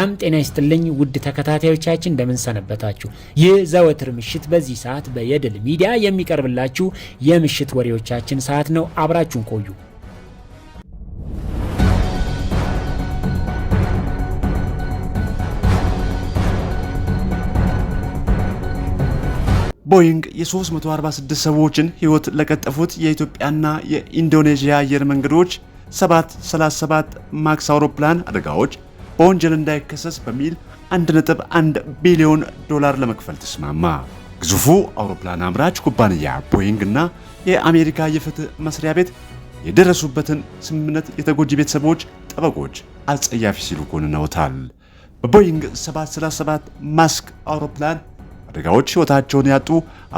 ሰላም ጤና ይስጥልኝ ውድ ተከታታዮቻችን እንደምንሰነበታችሁ። ይህ ዘወትር ምሽት በዚህ ሰዓት በየድል ሚዲያ የሚቀርብላችሁ የምሽት ወሬዎቻችን ሰዓት ነው። አብራችሁን ቆዩ። ቦይንግ የ346 ሰዎችን ሕይወት ለቀጠፉት የኢትዮጵያና የኢንዶኔዥያ አየር መንገዶች 737 ማክስ አውሮፕላን አደጋዎች በወንጀል እንዳይከሰስ በሚል 1.1 ቢሊዮን ዶላር ለመክፈል ተስማማ። ግዙፉ አውሮፕላን አምራች ኩባንያ ቦይንግ እና የአሜሪካ የፍትህ መስሪያ ቤት የደረሱበትን ስምምነት የተጎጂ ቤተሰቦች ጠበቆች አጸያፊ ሲሉ ኮንነውታል። በቦይንግ 737 ማስክ አውሮፕላን አደጋዎች ሕይወታቸውን ያጡ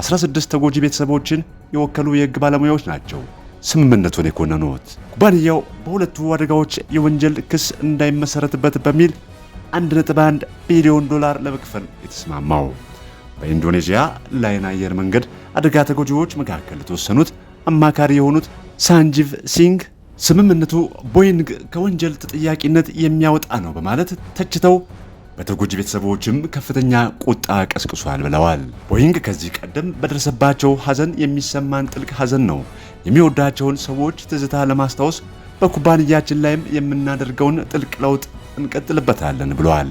16 ተጎጂ ቤተሰቦችን የወከሉ የሕግ ባለሙያዎች ናቸው ስምምነቱን የኮነኑት። ኩባንያው በሁለቱ አደጋዎች የወንጀል ክስ እንዳይመሰረትበት በሚል 1.1 ቢሊዮን ዶላር ለመክፈል የተስማማው በኢንዶኔዥያ ላይን አየር መንገድ አደጋ ተጎጂዎች መካከል የተወሰኑት አማካሪ የሆኑት ሳንጂቭ ሲንግ ስምምነቱ ቦይንግ ከወንጀል ተጠያቂነት የሚያወጣ ነው በማለት ተችተው በተጎጂ ቤተሰቦችም ከፍተኛ ቁጣ ቀስቅሷል ብለዋል። ቦይንግ ከዚህ ቀደም በደረሰባቸው ሐዘን የሚሰማን ጥልቅ ሐዘን ነው የሚወዳቸውን ሰዎች ትዝታ ለማስታወስ በኩባንያችን ላይም የምናደርገውን ጥልቅ ለውጥ እንቀጥልበታለን ብለዋል።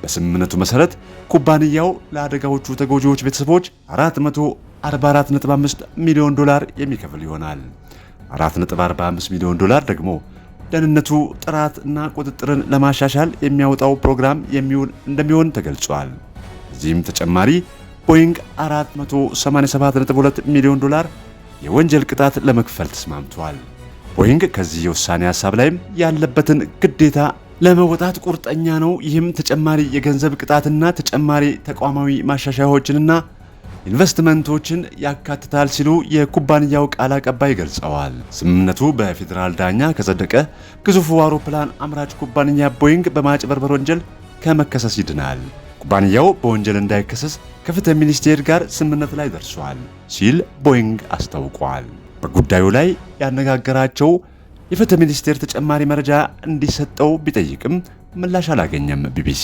በስምምነቱ መሰረት ኩባንያው ለአደጋዎቹ ተጎጂዎች ቤተሰቦች 444.5 ሚሊዮን ዶላር የሚከፍል ይሆናል። 4.45 ሚሊዮን ዶላር ደግሞ ደህንነቱ፣ ጥራት እና ቁጥጥርን ለማሻሻል የሚያወጣው ፕሮግራም የሚውል እንደሚሆን ተገልጿል። እዚህም ተጨማሪ ቦይንግ 487.2 ሚሊዮን ዶላር የወንጀል ቅጣት ለመክፈል ተስማምቷል። ቦይንግ ከዚህ የውሳኔ ሀሳብ ላይም ያለበትን ግዴታ ለመወጣት ቁርጠኛ ነው። ይህም ተጨማሪ የገንዘብ ቅጣትና ተጨማሪ ተቋማዊ ማሻሻያዎችንና ኢንቨስትመንቶችን ያካትታል ሲሉ የኩባንያው ቃል አቀባይ ገልጸዋል። ስምምነቱ በፌዴራል ዳኛ ከጸደቀ ግዙፉ አውሮፕላን አምራች ኩባንያ ቦይንግ በማጭበርበር ወንጀል ከመከሰስ ይድናል። ኩባንያው በወንጀል እንዳይከሰስ ከፍትህ ሚኒስቴር ጋር ስምምነት ላይ ደርሷል ሲል ቦይንግ አስታውቋል። በጉዳዩ ላይ ያነጋገራቸው የፍትህ ሚኒስቴር ተጨማሪ መረጃ እንዲሰጠው ቢጠይቅም ምላሽ አላገኘም። ቢቢሲ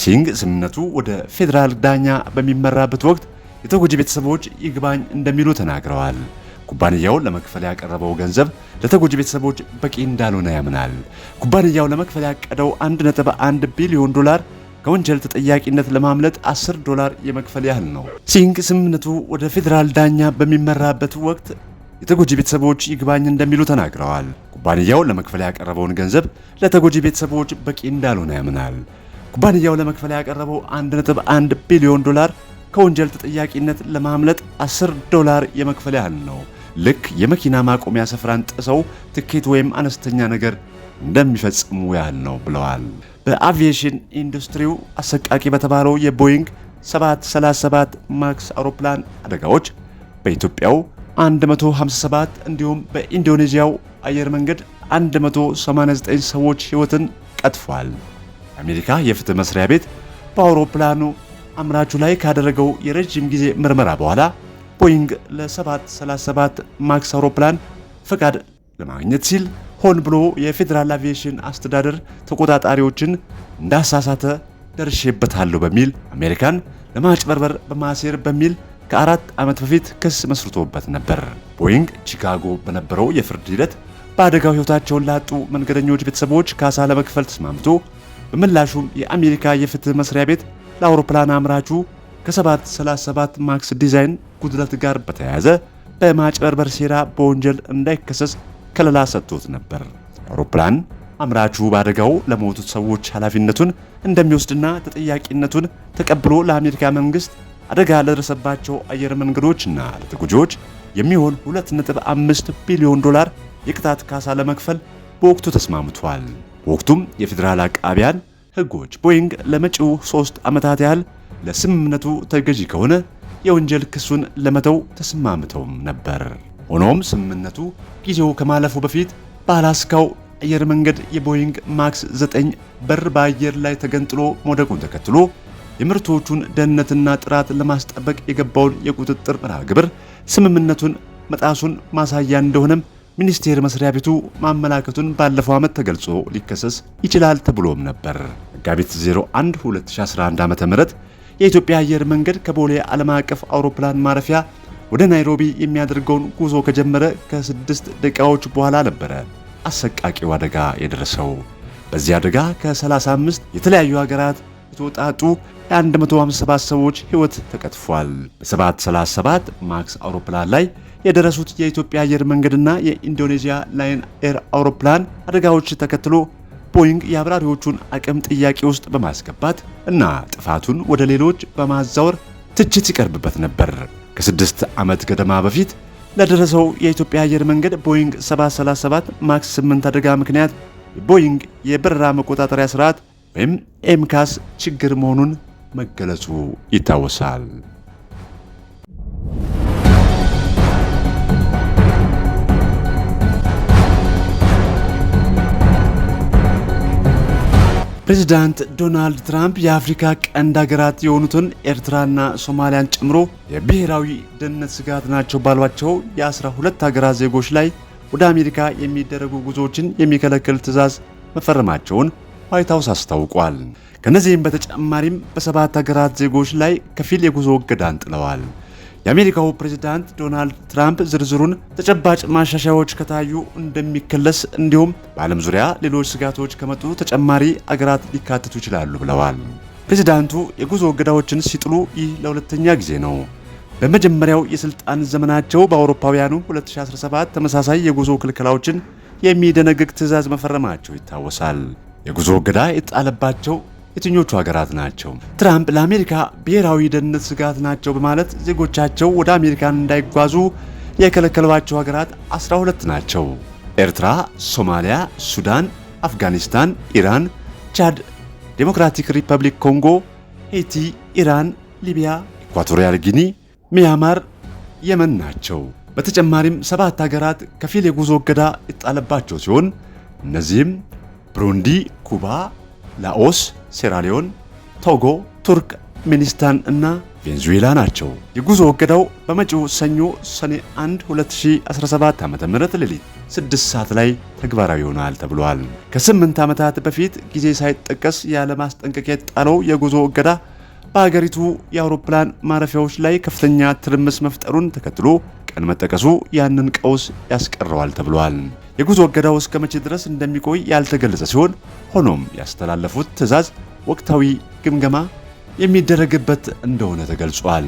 ሲንግ ስምምነቱ ወደ ፌዴራል ዳኛ በሚመራበት ወቅት የተጎጂ ቤተሰቦች ይግባኝ እንደሚሉ ተናግረዋል። ኩባንያው ለመክፈል ያቀረበው ገንዘብ ለተጎጂ ቤተሰቦች በቂ እንዳልሆነ ያምናል። ኩባንያው ለመክፈል ያቀደው 1.1 ቢሊዮን ዶላር ከወንጀል ተጠያቂነት ለማምለጥ 10 ዶላር የመክፈል ያህል ነው። ሲንክ ስምምነቱ ወደ ፌዴራል ዳኛ በሚመራበት ወቅት የተጎጂ ቤተሰቦች ይግባኝ እንደሚሉ ተናግረዋል። ኩባንያው ለመክፈል ያቀረበውን ገንዘብ ለተጎጂ ቤተሰቦች በቂ እንዳልሆነ ያምናል። ኩባንያው ለመክፈል ያቀረበው 1.1 ቢሊዮን ዶላር ከወንጀል ተጠያቂነት ለማምለጥ 10 ዶላር የመክፈል ያህል ነው። ልክ የመኪና ማቆሚያ ስፍራን ጥሰው ትኬት ወይም አነስተኛ ነገር እንደሚፈጽሙ ያህል ነው ብለዋል። በአቪዬሽን ኢንዱስትሪው አሰቃቂ በተባለው የቦይንግ 737 ማክስ አውሮፕላን አደጋዎች በኢትዮጵያው 157 እንዲሁም በኢንዶኔዥያው አየር መንገድ 189 ሰዎች ሕይወትን ቀጥፏል። የአሜሪካ የፍትህ መስሪያ ቤት በአውሮፕላኑ አምራቹ ላይ ካደረገው የረዥም ጊዜ ምርመራ በኋላ ቦይንግ ለ737 ማክስ አውሮፕላን ፈቃድ ለማግኘት ሲል ሆን ብሎ የፌዴራል አቪዬሽን አስተዳደር ተቆጣጣሪዎችን እንዳሳሳተ ደርሼበታለሁ በሚል አሜሪካን ለማጭበርበር በማሴር በሚል ከአራት ዓመት በፊት ክስ መስርቶበት ነበር። ቦይንግ ቺካጎ በነበረው የፍርድ ሂደት በአደጋው ሕይወታቸውን ላጡ መንገደኞች ቤተሰቦች ካሳ ለመክፈል ተስማምቶ በምላሹም የአሜሪካ የፍትህ መስሪያ ቤት ለአውሮፕላን አምራቹ ከ737 ማክስ ዲዛይን ጉድለት ጋር በተያያዘ በማጭበርበር ሴራ በወንጀል እንዳይከሰስ ከለላ ሰጥቶት ነበር። አውሮፕላን አምራቹ በአደጋው ለሞቱት ሰዎች ኃላፊነቱን እንደሚወስድና ተጠያቂነቱን ተቀብሎ ለአሜሪካ መንግስት አደጋ ለደረሰባቸው አየር መንገዶችና ለተጎጂዎች የሚሆን 2.5 ቢሊዮን ዶላር የቅጣት ካሳ ለመክፈል በወቅቱ ተስማምቷል። በወቅቱም የፌዴራል አቃቢያን ህጎች ቦይንግ ለመጪው ሦስት ዓመታት ያህል ለስምምነቱ ተገዢ ከሆነ የወንጀል ክሱን ለመተው ተስማምተውም ነበር። ሆኖም ስምምነቱ ጊዜው ከማለፉ በፊት በአላስካው አየር መንገድ የቦይንግ ማክስ 9 በር በአየር ላይ ተገንጥሎ መውደቁን ተከትሎ የምርቶቹን ደህንነትና ጥራት ለማስጠበቅ የገባውን የቁጥጥር መርሃ ግብር ስምምነቱን መጣሱን ማሳያ እንደሆነም ሚኒስቴር መስሪያ ቤቱ ማመላከቱን ባለፈው ዓመት ተገልጾ ሊከሰስ ይችላል ተብሎም ነበር። መጋቢት 01 2011 ዓ.ም የኢትዮጵያ አየር መንገድ ከቦሌ ዓለም አቀፍ አውሮፕላን ማረፊያ ወደ ናይሮቢ የሚያደርገውን ጉዞ ከጀመረ ከስድስት ደቂቃዎች በኋላ ነበረ አሰቃቂው አደጋ የደረሰው። በዚህ አደጋ ከ35 የተለያዩ ሀገራት የተወጣጡ የ157 ሰዎች ሕይወት ተቀጥፏል። በ737 ማክስ አውሮፕላን ላይ የደረሱት የኢትዮጵያ አየር መንገድና የኢንዶኔዥያ ላይን ኤር አውሮፕላን አደጋዎች ተከትሎ ቦይንግ የአብራሪዎቹን አቅም ጥያቄ ውስጥ በማስገባት እና ጥፋቱን ወደ ሌሎች በማዛወር ትችት ይቀርብበት ነበር። ከስድስት ዓመት ገደማ በፊት ለደረሰው የኢትዮጵያ አየር መንገድ ቦይንግ 737 ማክስ 8 አደጋ ምክንያት የቦይንግ የበረራ መቆጣጠሪያ ስርዓት ወይም ኤምካስ ችግር መሆኑን መገለጹ ይታወሳል። ፕሬዚዳንት ዶናልድ ትራምፕ የአፍሪካ ቀንድ ሀገራት የሆኑትን ኤርትራና ሶማሊያን ጨምሮ የብሔራዊ ደህንነት ስጋት ናቸው ባሏቸው የ12 ሀገራት ዜጎች ላይ ወደ አሜሪካ የሚደረጉ ጉዞዎችን የሚከለክል ትዕዛዝ መፈረማቸውን ዋይት ሀውስ አስታውቋል። ከነዚህም በተጨማሪም በሰባት ሀገራት ዜጎች ላይ ከፊል የጉዞ እገዳን ጥለዋል። የአሜሪካው ፕሬዚዳንት ዶናልድ ትራምፕ ዝርዝሩን ተጨባጭ ማሻሻያዎች ከታዩ እንደሚከለስ እንዲሁም በዓለም ዙሪያ ሌሎች ስጋቶች ከመጡ ተጨማሪ አገራት ሊካተቱ ይችላሉ ብለዋል። ፕሬዚዳንቱ የጉዞ እገዳዎችን ሲጥሉ ይህ ለሁለተኛ ጊዜ ነው። በመጀመሪያው የሥልጣን ዘመናቸው በአውሮፓውያኑ 2017 ተመሳሳይ የጉዞ ክልከላዎችን የሚደነግግ ትዕዛዝ መፈረማቸው ይታወሳል። የጉዞ እገዳ የተጣለባቸው የትኞቹ ሀገራት ናቸው? ትራምፕ ለአሜሪካ ብሔራዊ ደህንነት ስጋት ናቸው በማለት ዜጎቻቸው ወደ አሜሪካን እንዳይጓዙ የከለከሏቸው ሀገራት 12 ናቸው። ኤርትራ፣ ሶማሊያ፣ ሱዳን፣ አፍጋኒስታን፣ ኢራን፣ ቻድ፣ ዴሞክራቲክ ሪፐብሊክ ኮንጎ፣ ሄይቲ፣ ኢራን፣ ሊቢያ፣ ኢኳቶሪያል ጊኒ፣ ሚያማር፣ የመን ናቸው። በተጨማሪም ሰባት ሀገራት ከፊል የጉዞ እገዳ የተጣለባቸው ሲሆን እነዚህም ብሩንዲ፣ ኩባ፣ ላኦስ፣ ሴራሊዮን፣ ቶጎ፣ ቱርክ ሚኒስታን እና ቬንዙዌላ ናቸው። የጉዞ እገዳው በመጪው ሰኞ ሰኔ 1 2017 ዓ ም ሌሊት 6 ሰዓት ላይ ተግባራዊ ይሆናል ተብሏል ከስምንት ዓመታት በፊት ጊዜ ሳይጠቀስ ያለ ማስጠንቀቂያ የጣለው የጉዞ እገዳ በሀገሪቱ የአውሮፕላን ማረፊያዎች ላይ ከፍተኛ ትርምስ መፍጠሩን ተከትሎ ቀን መጠቀሱ ያንን ቀውስ ያስቀረዋል ተብሏል። የጉዞ እገዳው እስከ መቼ ድረስ እንደሚቆይ ያልተገለጸ ሲሆን ሆኖም ያስተላለፉት ትዕዛዝ ወቅታዊ ግምገማ የሚደረግበት እንደሆነ ተገልጿል።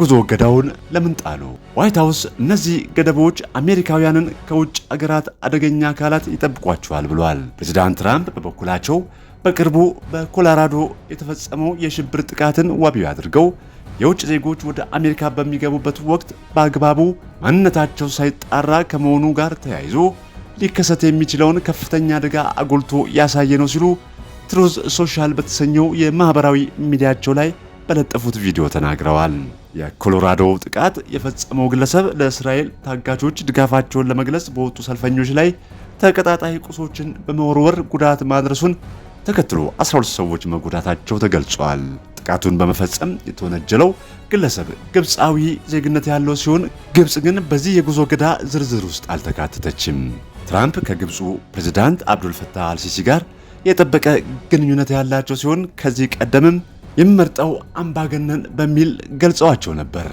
ጉዞ እገዳውን ለምን ጣሉ? ዋይት ሀውስ እነዚህ ገደቦች አሜሪካውያንን ከውጭ አገራት አደገኛ አካላት ይጠብቋቸዋል ብሏል። ፕሬዚዳንት ትራምፕ በበኩላቸው በቅርቡ በኮሎራዶ የተፈጸመው የሽብር ጥቃትን ዋቢ አድርገው የውጭ ዜጎች ወደ አሜሪካ በሚገቡበት ወቅት በአግባቡ ማንነታቸው ሳይጣራ ከመሆኑ ጋር ተያይዞ ሊከሰት የሚችለውን ከፍተኛ አደጋ አጎልቶ ያሳየ ነው ሲሉ ትሩዝ ሶሻል በተሰኘው የማህበራዊ ሚዲያቸው ላይ በለጠፉት ቪዲዮ ተናግረዋል። የኮሎራዶ ጥቃት የፈጸመው ግለሰብ ለእስራኤል ታጋቾች ድጋፋቸውን ለመግለጽ በወጡ ሰልፈኞች ላይ ተቀጣጣይ ቁሶችን በመወርወር ጉዳት ማድረሱን ተከትሎ 12 ሰዎች መጎዳታቸው ተገልጿል። ጥቃቱን በመፈጸም የተወነጀለው ግለሰብ ግብፃዊ ዜግነት ያለው ሲሆን ግብፅ ግን በዚህ የጉዞ እገዳ ዝርዝር ውስጥ አልተካተተችም። ትራምፕ ከግብፁ ፕሬዝዳንት አብዱልፈታህ አልሲሲ ጋር የጠበቀ ግንኙነት ያላቸው ሲሆን ከዚህ ቀደምም የሚመርጠው አምባገነን በሚል ገልጸዋቸው ነበር።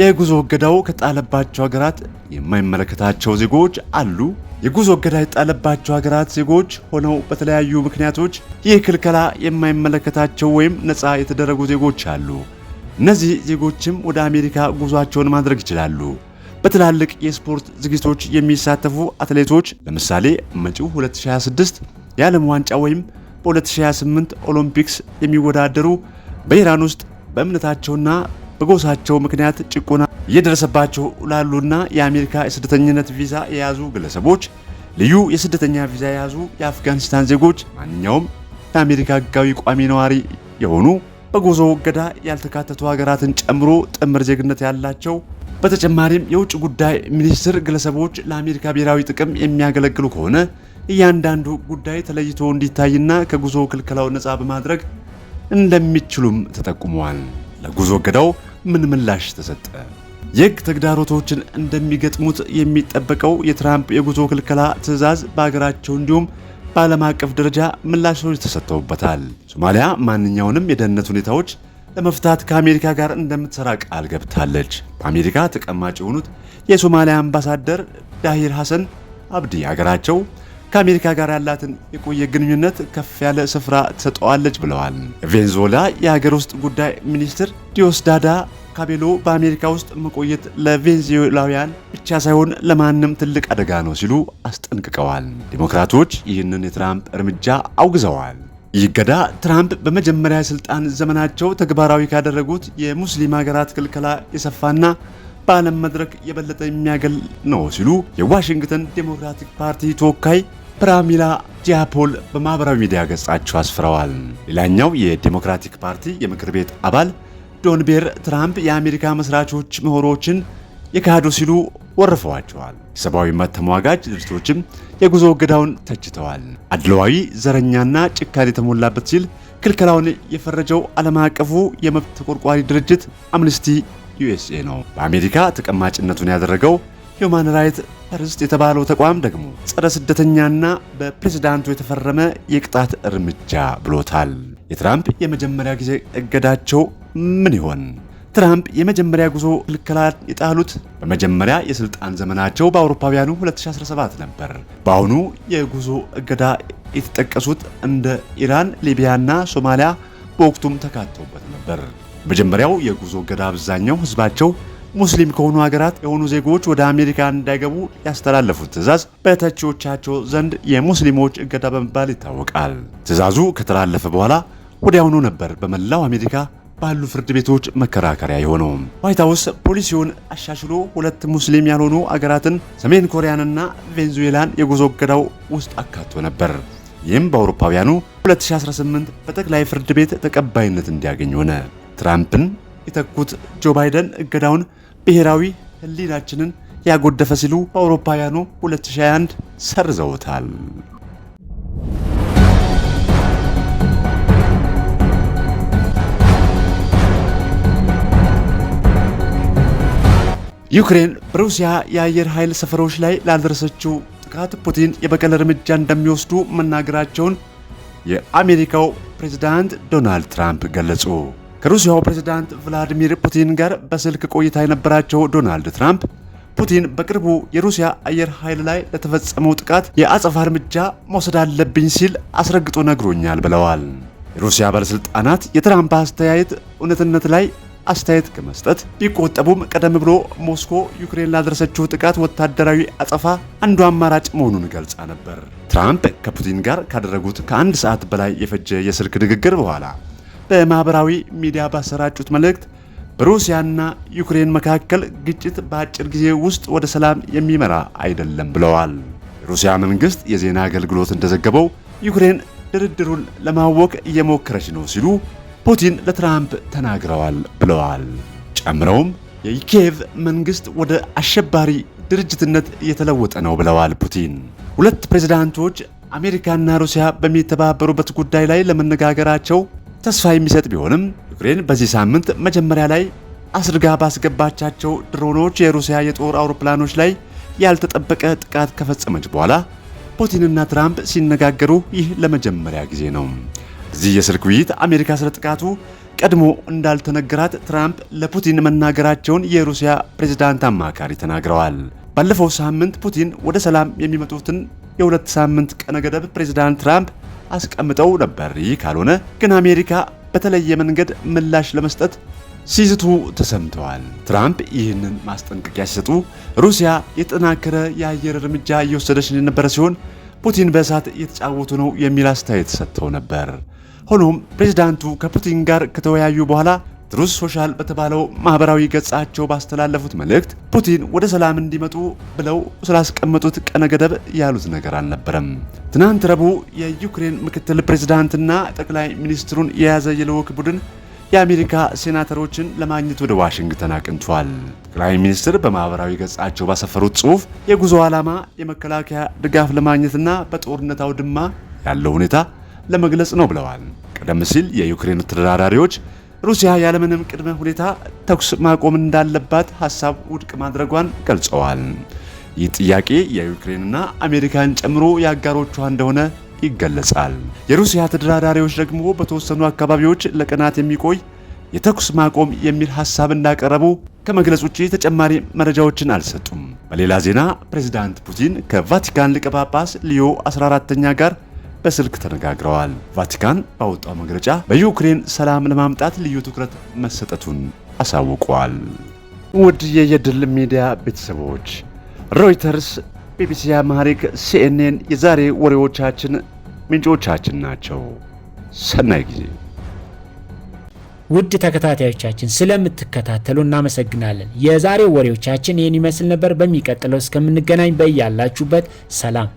የጉዞ እገዳው ከጣለባቸው ሀገራት የማይመለከታቸው ዜጎች አሉ። የጉዞ እገዳ የጣለባቸው ሀገራት ዜጎች ሆነው በተለያዩ ምክንያቶች ይህ ክልከላ የማይመለከታቸው ወይም ነፃ የተደረጉ ዜጎች አሉ። እነዚህ ዜጎችም ወደ አሜሪካ ጉዟቸውን ማድረግ ይችላሉ። በትላልቅ የስፖርት ዝግጅቶች የሚሳተፉ አትሌቶች ለምሳሌ መጪው 2026 የዓለም ዋንጫ ወይም በ2028 ኦሎምፒክስ የሚወዳደሩ በኢራን ውስጥ በእምነታቸውና በጎሳቸው ምክንያት ጭቆና እየደረሰባቸው ላሉና የአሜሪካ የስደተኝነት ቪዛ የያዙ ግለሰቦች፣ ልዩ የስደተኛ ቪዛ የያዙ የአፍጋኒስታን ዜጎች፣ ማንኛውም የአሜሪካ ሕጋዊ ቋሚ ነዋሪ የሆኑ በጉዞ እገዳ ያልተካተቱ ሀገራትን ጨምሮ ጥምር ዜግነት ያላቸው በተጨማሪም የውጭ ጉዳይ ሚኒስትር ግለሰቦች ለአሜሪካ ብሔራዊ ጥቅም የሚያገለግሉ ከሆነ እያንዳንዱ ጉዳይ ተለይቶ እንዲታይና ከጉዞ ክልከላው ነፃ በማድረግ እንደሚችሉም ተጠቁመዋል። ለጉዞ እገዳው ምን ምላሽ ተሰጠ? የህግ ተግዳሮቶችን እንደሚገጥሙት የሚጠበቀው የትራምፕ የጉዞ ክልከላ ትዕዛዝ በሀገራቸው እንዲሁም በዓለም አቀፍ ደረጃ ምላሾች ተሰጥተውበታል። ሶማሊያ ማንኛውንም የደህንነት ሁኔታዎች ለመፍታት ከአሜሪካ ጋር እንደምትሰራ ቃል ገብታለች። በአሜሪካ ተቀማጭ የሆኑት የሶማሊያ አምባሳደር ዳሂር ሐሰን አብዲ ሀገራቸው ከአሜሪካ ጋር ያላትን የቆየ ግንኙነት ከፍ ያለ ስፍራ ትሰጠዋለች ብለዋል። ቬንዙዌላ የሀገር ውስጥ ጉዳይ ሚኒስትር ዲዮስዳዳ ካቤሎ በአሜሪካ ውስጥ መቆየት ለቬንዙዌላውያን ብቻ ሳይሆን ለማንም ትልቅ አደጋ ነው ሲሉ አስጠንቅቀዋል። ዴሞክራቶች ይህንን የትራምፕ እርምጃ አውግዘዋል። ይገዳ ትራምፕ በመጀመሪያ የስልጣን ዘመናቸው ተግባራዊ ካደረጉት የሙስሊም ሀገራት ክልከላ የሰፋና በዓለም መድረክ የበለጠ የሚያገል ነው ሲሉ የዋሽንግተን ዴሞክራቲክ ፓርቲ ተወካይ ፕራሚላ ጂያፖል በማኅበራዊ ሚዲያ ገጻቸው አስፍረዋል። ሌላኛው የዴሞክራቲክ ፓርቲ የምክር ቤት አባል ዶን ቤር ትራምፕ የአሜሪካ መስራቾች ምሁሮችን የካዱ ሲሉ ወርፈዋቸዋል። የሰብአዊ መብት ተሟጋጅ ድርጅቶችም የጉዞ እገዳውን ተችተዋል። አድለዋዊ ዘረኛና ጭካኔ የተሞላበት ሲል ክልከላውን የፈረጀው ዓለም አቀፉ የመብት ተቆርቋሪ ድርጅት አምነስቲ ዩኤስኤ ነው። በአሜሪካ ተቀማጭነቱን ያደረገው ሂውማን ራይት ፈርስት የተባለው ተቋም ደግሞ ጸረ ስደተኛና በፕሬዝዳንቱ የተፈረመ የቅጣት እርምጃ ብሎታል። የትራምፕ የመጀመሪያ ጊዜ እገዳቸው ምን ይሆን? ትራምፕ የመጀመሪያ ጉዞ ክልከላን የጣሉት በመጀመሪያ የስልጣን ዘመናቸው በአውሮፓውያኑ 2017 ነበር። በአሁኑ የጉዞ እገዳ የተጠቀሱት እንደ ኢራን፣ ሊቢያና ሶማሊያ በወቅቱም ተካተውበት ነበር። መጀመሪያው የጉዞ እገዳ አብዛኛው ህዝባቸው ሙስሊም ከሆኑ ሀገራት የሆኑ ዜጎች ወደ አሜሪካ እንዳይገቡ ያስተላለፉት ትዕዛዝ በተቺዎቻቸው ዘንድ የሙስሊሞች እገዳ በመባል ይታወቃል። ትዕዛዙ ከተላለፈ በኋላ ወዲያውኑ ነበር በመላው አሜሪካ ባሉ ፍርድ ቤቶች መከራከሪያ የሆነው ዋይት ሀውስ ፖሊሲውን አሻሽሎ ሁለት ሙስሊም ያልሆኑ አገራትን ሰሜን ኮሪያንና ቬንዙዌላን የጉዞ እገዳው ውስጥ አካቶ ነበር። ይህም በአውሮፓውያኑ 2018 በጠቅላይ ፍርድ ቤት ተቀባይነት እንዲያገኝ ሆነ። ትራምፕን የተኩት ጆ ባይደን እገዳውን ብሔራዊ ህሊናችንን ያጎደፈ ሲሉ በአውሮፓውያኑ 2021 ሰርዘውታል። ዩክሬን በሩሲያ የአየር ኃይል ሰፈሮች ላይ ላልደረሰችው ጥቃት ፑቲን የበቀል እርምጃ እንደሚወስዱ መናገራቸውን የአሜሪካው ፕሬዝዳንት ዶናልድ ትራምፕ ገለጹ። ከሩሲያው ፕሬዝዳንት ቭላዲሚር ፑቲን ጋር በስልክ ቆይታ የነበራቸው ዶናልድ ትራምፕ ፑቲን በቅርቡ የሩሲያ አየር ኃይል ላይ ለተፈጸመው ጥቃት የአጸፋ እርምጃ መውሰድ አለብኝ ሲል አስረግጦ ነግሮኛል ብለዋል። የሩሲያ ባለሥልጣናት የትራምፕ አስተያየት እውነትነት ላይ አስተያየት ከመስጠት ቢቆጠቡም ቀደም ብሎ ሞስኮ ዩክሬን ላደረሰችው ጥቃት ወታደራዊ አጸፋ አንዱ አማራጭ መሆኑን ገልጻ ነበር። ትራምፕ ከፑቲን ጋር ካደረጉት ከአንድ ሰዓት በላይ የፈጀ የስልክ ንግግር በኋላ በማህበራዊ ሚዲያ ባሰራጩት መልእክት በሩሲያና ዩክሬን መካከል ግጭት በአጭር ጊዜ ውስጥ ወደ ሰላም የሚመራ አይደለም ብለዋል። የሩሲያ መንግስት የዜና አገልግሎት እንደዘገበው ዩክሬን ድርድሩን ለማወቅ እየሞከረች ነው ሲሉ ፑቲን ለትራምፕ ተናግረዋል ብለዋል። ጨምረውም የኪየቭ መንግስት ወደ አሸባሪ ድርጅትነት እየተለወጠ ነው ብለዋል ፑቲን። ሁለት ፕሬዝዳንቶች አሜሪካና ሩሲያ በሚተባበሩበት ጉዳይ ላይ ለመነጋገራቸው ተስፋ የሚሰጥ ቢሆንም ዩክሬን በዚህ ሳምንት መጀመሪያ ላይ አስርጋ ባስገባቻቸው ድሮኖች የሩሲያ የጦር አውሮፕላኖች ላይ ያልተጠበቀ ጥቃት ከፈጸመች በኋላ ፑቲንና ትራምፕ ሲነጋገሩ ይህ ለመጀመሪያ ጊዜ ነው። እዚህ የስልክ ውይይት አሜሪካ ስለ ጥቃቱ ቀድሞ እንዳልተነገራት ትራምፕ ለፑቲን መናገራቸውን የሩሲያ ፕሬዝዳንት አማካሪ ተናግረዋል። ባለፈው ሳምንት ፑቲን ወደ ሰላም የሚመጡትን የሁለት ሳምንት ቀነ ገደብ ፕሬዝዳንት ትራምፕ አስቀምጠው ነበር። ይህ ካልሆነ ግን አሜሪካ በተለየ መንገድ ምላሽ ለመስጠት ሲዝቱ ተሰምተዋል። ትራምፕ ይህንን ማስጠንቀቂያ ሲሰጡ ሩሲያ የተጠናከረ የአየር እርምጃ እየወሰደች የነበረ ሲሆን ፑቲን በእሳት እየተጫወቱ ነው የሚል አስተያየት ሰጥተው ነበር። ሆኖም ፕሬዝዳንቱ ከፑቲን ጋር ከተወያዩ በኋላ ትሩስ ሶሻል በተባለው ማህበራዊ ገጻቸው ባስተላለፉት መልእክት ፑቲን ወደ ሰላም እንዲመጡ ብለው ስላስቀመጡት ቀነ ገደብ ያሉት ነገር አልነበረም። ትናንት ረቡዕ የዩክሬን ምክትል ፕሬዝዳንትና ጠቅላይ ሚኒስትሩን የያዘ የልዑክ ቡድን የአሜሪካ ሴናተሮችን ለማግኘት ወደ ዋሽንግተን አቅንቷል። ጠቅላይ ሚኒስትር በማህበራዊ ገጻቸው ባሰፈሩት ጽሑፍ የጉዞ ዓላማ የመከላከያ ድጋፍ ለማግኘትና በጦርነት አውድማ ያለው ሁኔታ ለመግለጽ ነው ብለዋል። ቀደም ሲል የዩክሬን ተደራዳሪዎች ሩሲያ ያለምንም ቅድመ ሁኔታ ተኩስ ማቆም እንዳለባት ሀሳብ ውድቅ ማድረጓን ገልጸዋል። ይህ ጥያቄ የዩክሬንና አሜሪካን ጨምሮ የአጋሮቿ እንደሆነ ይገለጻል። የሩሲያ ተደራዳሪዎች ደግሞ በተወሰኑ አካባቢዎች ለቀናት የሚቆይ የተኩስ ማቆም የሚል ሀሳብ እንዳቀረቡ ከመግለጽ ውጪ ተጨማሪ መረጃዎችን አልሰጡም። በሌላ ዜና ፕሬዚዳንት ፑቲን ከቫቲካን ሊቀ ጳጳስ ሊዮ 14ኛ ጋር በስልክ ተነጋግረዋል። ቫቲካን ባወጣው መግለጫ በዩክሬን ሰላም ለማምጣት ልዩ ትኩረት መሰጠቱን አሳውቋል። ውድ የየድል ሚዲያ ቤተሰቦች ሮይተርስ፣ ቢቢሲ አማሪክ፣ ሲኤንኤን የዛሬ ወሬዎቻችን ምንጮቻችን ናቸው። ሰናይ ጊዜ። ውድ ተከታታዮቻችን ስለምትከታተሉ እናመሰግናለን። የዛሬው ወሬዎቻችን ይህን ይመስል ነበር። በሚቀጥለው እስከምንገናኝ በያላችሁበት ሰላም